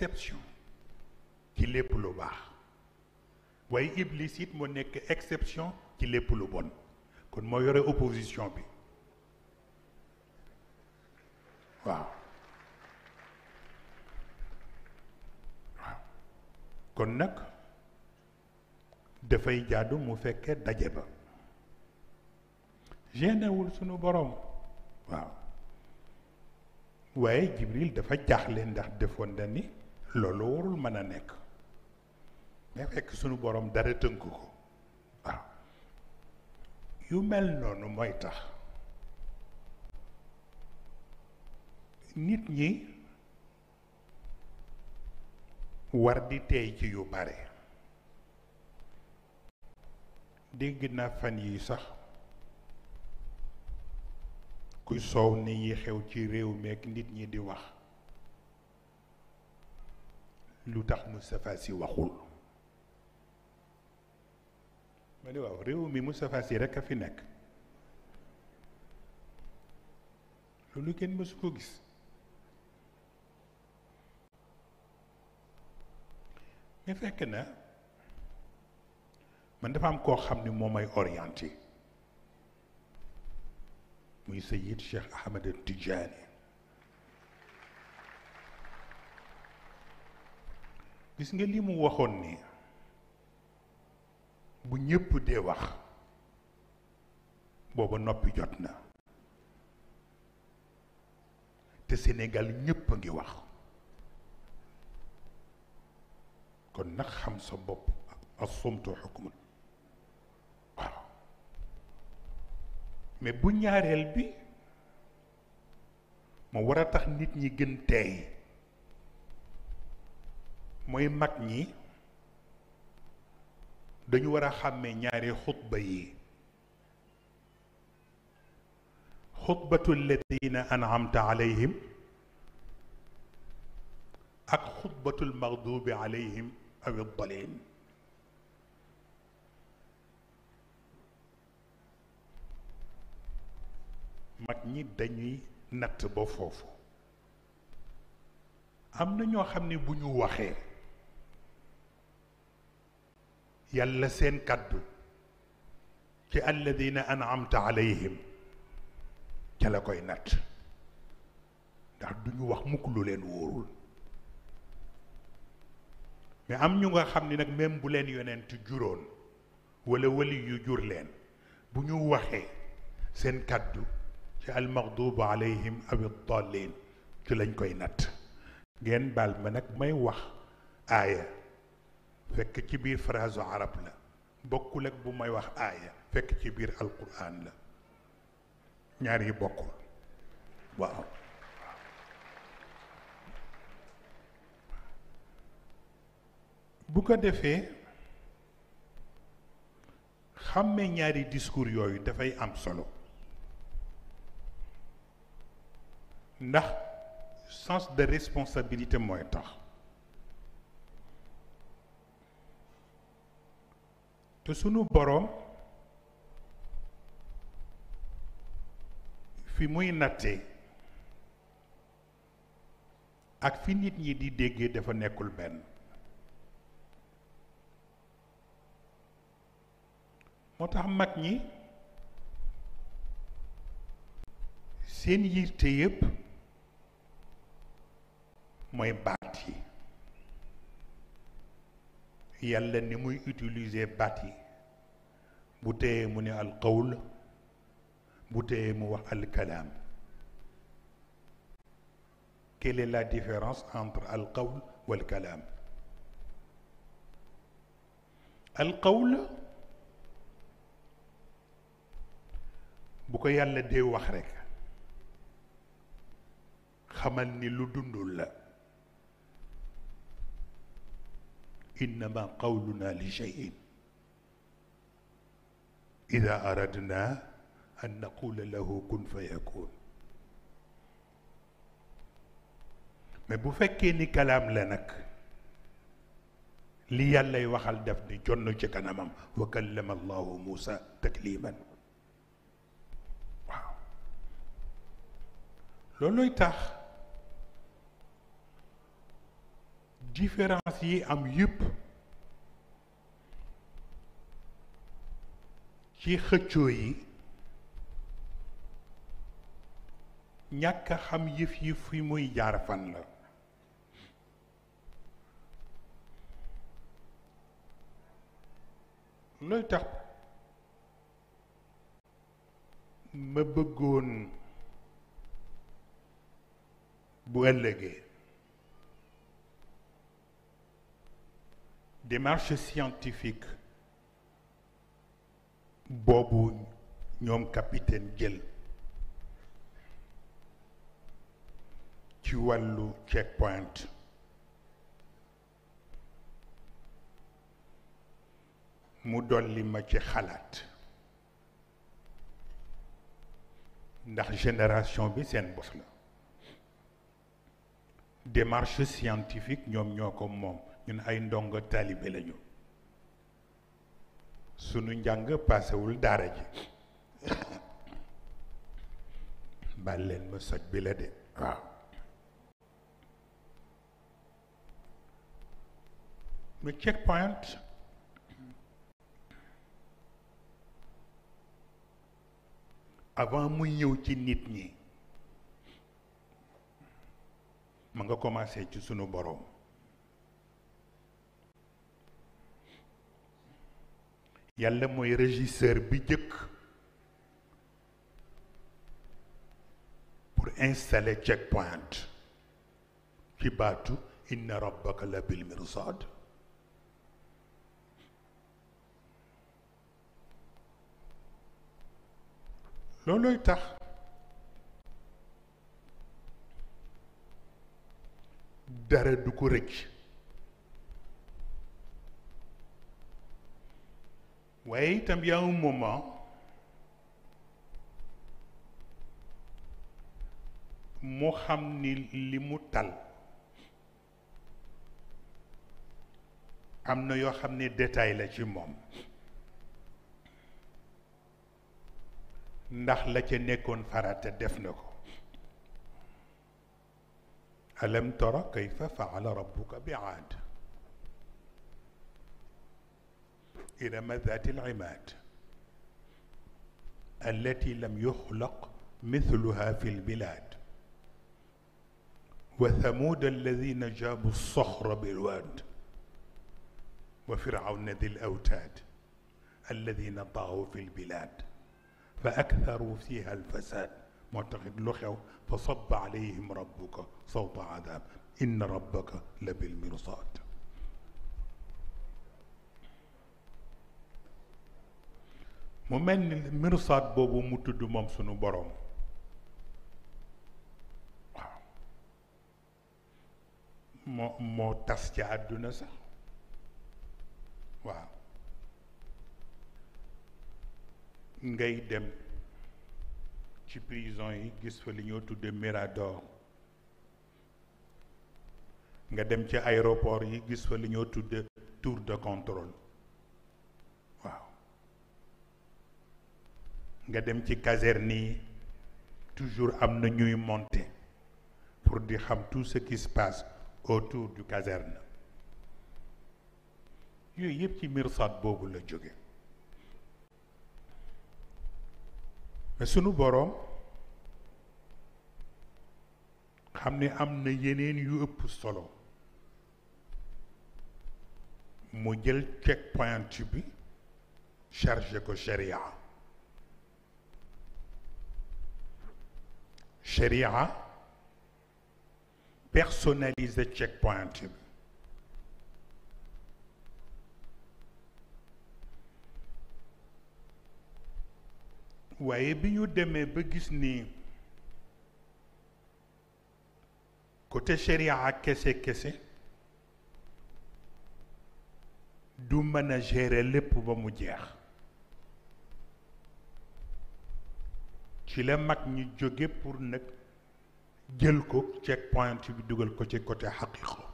exception ci lépp lu baax waaye iblis it moo nekk exception ci lépp lu bon kon moo yore opposition bi waaw waaw kon nag dafay jaadu mu fekkee daje ba génnewul sunu boroom waaw waaye Jibril dafa jaaxle ndax defoon na loolu warul mën a nekk mais fekk sunu borom dara tënk ko waaw yu mel noonu mooy tax nit ñi war di tey ci yu bare dégg na fan yi sax kuy soow ni yi xew ci réew meek nit ñi di wax lu tax Moustapha Sy waxul ma ne waaw réew mi Moustapha Sy rekk a fi nekk loolu kenn mësu ko gis mais fekk na man dafa am koo xam ni moom may orienté muy Seyid Cheikh Ahmed Tidiane gis nga li mu waxoon ni bu ñépp dee wax booba noppi jot na te Sénégal ñépp a ngi wax kon nag xam sa bopp ak sumtu xukumun waaw mais bu ñaareel bi moo war a tax nit ñi gën teey mooy mag ñi dañu war a xàmmee ñaari xutba yi xutbatu alladina anamta alayhim ak xutbatul maxdubi alayhim aw dalin mag ñi dañuy natt ba foofu am na ñoo xam ne bu ñu waxee yàlla seen kàddu ci alladina an'amta alayhim ca la koy natt ndax du wax mukk lu leen wóorul mais am ñu nga xam ni nag même bu leen yonent juróon wala wali yu jur leen bu ñu waxee seen kàddu ci almaghdubu alayhim aw ad-dallin ci lañ koy natt ngeen baal ma nag may wax aaya fekk ci biir phrase arab la bokkul ak bu may wax aaya fekk ci biir alquran la ñaar yi bokkul waaw bu ko defee xàmmee ñaari discours yooyu dafay am solo ndax sens de responsabilité mooy tax te sunu boroom fi muy nattee ak fi nit ñi di déggee dafa nekkul benn moo tax mag ñi seen yitte yépp mooy baat yi yàlla ni muy utiliser baat yi bu téyee mu ne alqawl bu téyee mu wax alkalaam quelle est la différence entre alqawl walkalaam alqawl bu ko yàlla dee wax rekk xamal ni lu dundul la innama qawluna li shay'in ida aradna an naqula lahu kun fa yakun mais bu fekkee ni kalaam la nag li yàllay waxal def ni jonn ci kanamam wa kallama allahu muusa takliman waaw looluy tax différence yi am yépp ci xëccoo yi ñàkk a xam yëf yi fi muy jaar fan la looy tax ma bëggoon bu ëllëgee démarche scientifique boobu ñoom capitaine jël ci wàllu checkpoint mu dolli ma ci xalaat ndax génération bi seen bos la démarche scientifique ñoom ñoo ko moom ñun ay ndongo taalibe lañu sunu njàng paasewul daara ji baal leen ma soj bi la de waaw le checkpoint avant mu ñëw ci nit ñi ma nga commencé ci sunu boroom yàlla mooy régisseur bi jëkk pour installer checkpoint ci baatu inna rabbaka la bil mirsad loolooy tax dara du ko rëcc waaye itam y a un mu xam ni li mu tal am na yoo xam ne détail la ci moom ndax la ca nekkoon farata def na ko alam tara kayfa faala rabbuka bi aad إرم ذات العماد التي لم يخلق مثلها في البلاد وثمود الذين جابوا الصخر بالواد وفرعون ذي الأوتاد الذين طغوا في البلاد فأكثروا فيها الفساد معتقد لخوا فصب عليهم ربك صوت عذاب إن ربك لبالمرصاد mu mel ni mirsaat boobu mu tudd moom sunu boroom waaw moo moo tas ci àdduna sax waaw ngay dem ci prison yi gis fa li ñoo tudde mirador nga dem ci aéroport yi gis fa li ñoo tudde tour de contrôle nga dem ci caserne yi toujours am na ñuy monter pour di xam tout ce qui se passe autour du caserne yooyu yëpp ci mirsad boobu la jóge sunu boroom xam ni am na yeneen yu ëpp solo mu jël check point bi chargé ko sharia sharia personnalisé checkpoint bi waaye bi ñu demee ba gis nii côté sharia kese kese du mën a gérer lépp ba mu jeex ci la mag ñi jóge pour nag jël ko check point bi dugal ko ci côté xaqiqo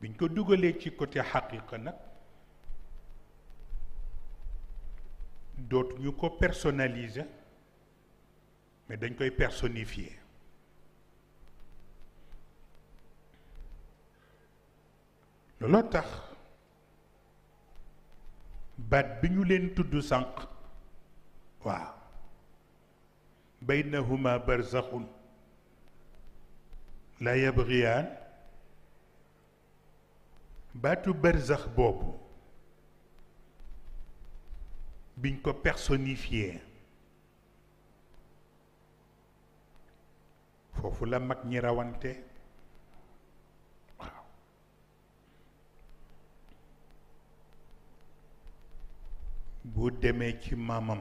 biñ ko dugalee ci côté xaqiqa nag dootuñu ko personnaliser mais dañ koy personnifier looloo tax baat bi ñu leen tudd sànq waaw baynahuma barzaxun la yabgiyaan baatu barzax boobu biñ ko personnifié foofu la mag ñi rawante bu demee ci maamam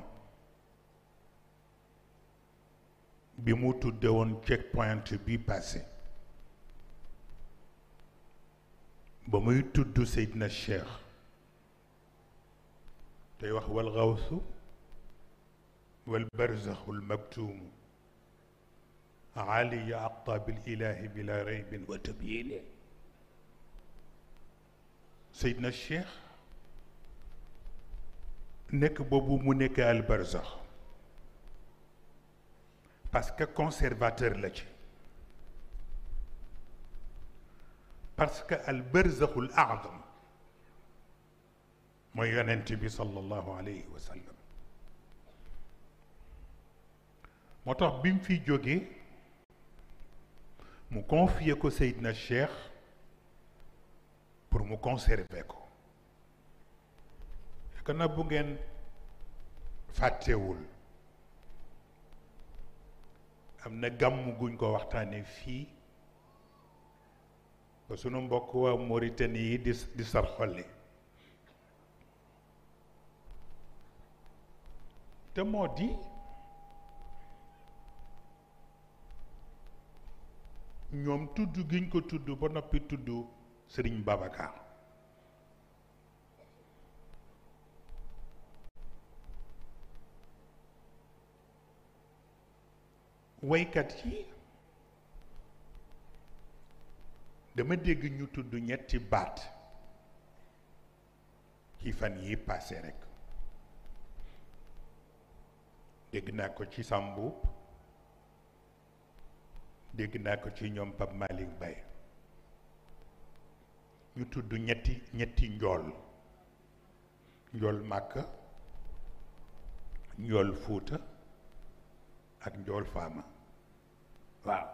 bi mu tudde woon checkpoint bi passé ba muy tudd Seydina Cheikh tey wax wal xawsu wal barzaxul maktuumu aliya aqtaabil ilaahi bila raybin wa tabyine Seydina Cheikh nekk boobu mu nekk albarzax parce que conservateur la ci parce que albarzaxul aadam mooy yonent bi sallallahu alayhi wa sallam moo tax bi mu fi jógee mu confier ko Seydina Cheikh pour mu conserver ko gannaaw bu ngeen fàttewul am na gàmm guñ ko waxtaanee fii ba sunu mbokk waa Mauritanie yi di di sarxole te moo di ñoom tudd giñ ko tudd ba noppi tudd Sëriñ Babacar woykat yi dama dégg ñu tudd ñetti baat ci fan yi passé rekk dégg naa ko ci Sambou dégg naa ko ci ñoom Pape Malick Baye ñu tudd ñetti ñetti njool njool Màkka njool Fuuta ak njool faama waaw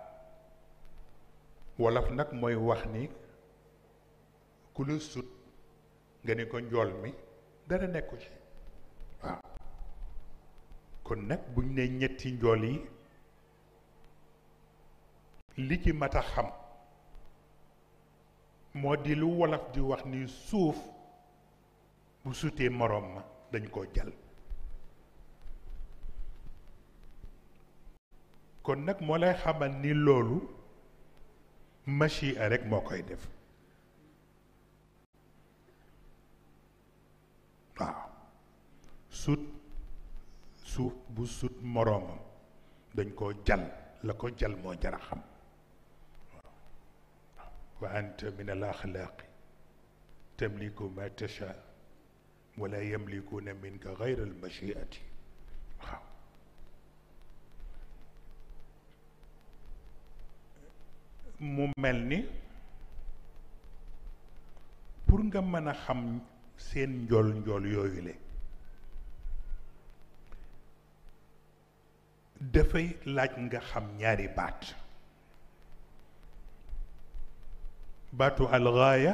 wolof nag mooy wax ni ku lu sut nga ni ko njool mi dara nekku ci waaw kon nag buñ ne ñetti njool yi li ci mat a xam moo di lu wolof di wax ni suuf bu sutee moroom ma dañ koo jal kon nag moo lay xamal ni loolu machia rek moo koy def waaw sut suuf bu sut moroomam dañ koo jal la ko jal moo jara xam wa anta min al axlaaqi tamliku ma tasha wala yamlikuuna minka gayra al machiati mu mel ni pour nga mën a xam seen njool njool yooyu le dafay laaj nga xam ñaari baat baatu algaaya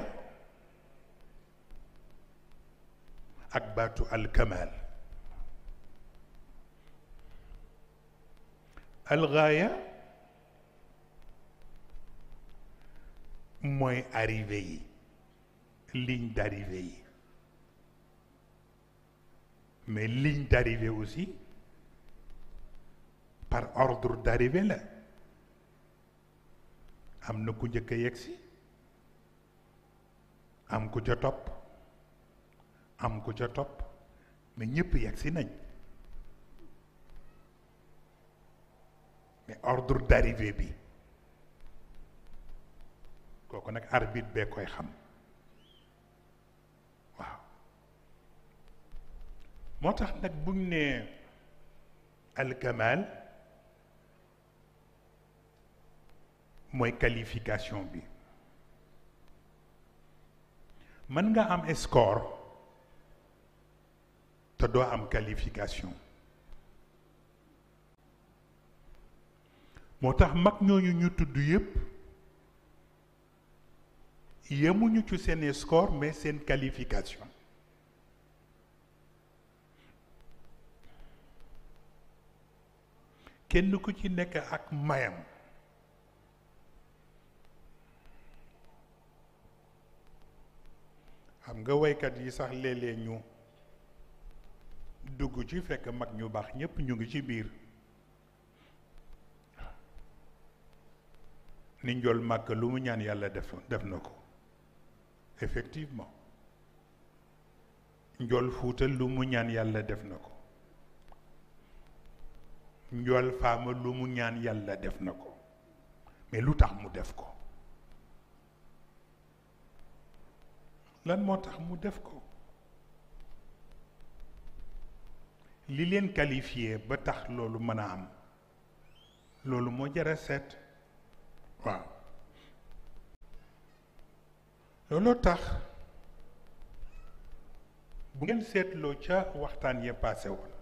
ak baatu alkamal algaaya mooy arrivé yi ligne d'arrivée yi mais ligne d'arrivée aussi par ordre d'arrivée la am na ku njëkk a yegsi am ku ca topp am ku ca topp mais ñëpp yegsi nañ mais ordre d'arrivée bi kooku nag arbitre bee koy xam waaw moo tax nag buñ ne alkamal mooy qualification bi mën nga am score te doo am qualification moo tax mag ñooñu ñu tudd yépp yemuñu ci seen score mais seen qualification kenn ku ci nekk ak mayam xam nga woykat yi sax léeg-léeg ñu dugg ci fekk mag ñu baax ñépp ñu ngi ci biir ni njool màkk lu mu ñaan yàlla def def na ko effectivement njool fuuta lu mu ñaan yàlla def na ko njool faama lu mu ñaan yàlla def na ko mais lu tax mu def ko lan moo tax mu def ko li leen qualifié ba tax loolu mën a am loolu moo jara seet waaw looloo tax bu ngeen seetloo ca waxtaan ya paase woon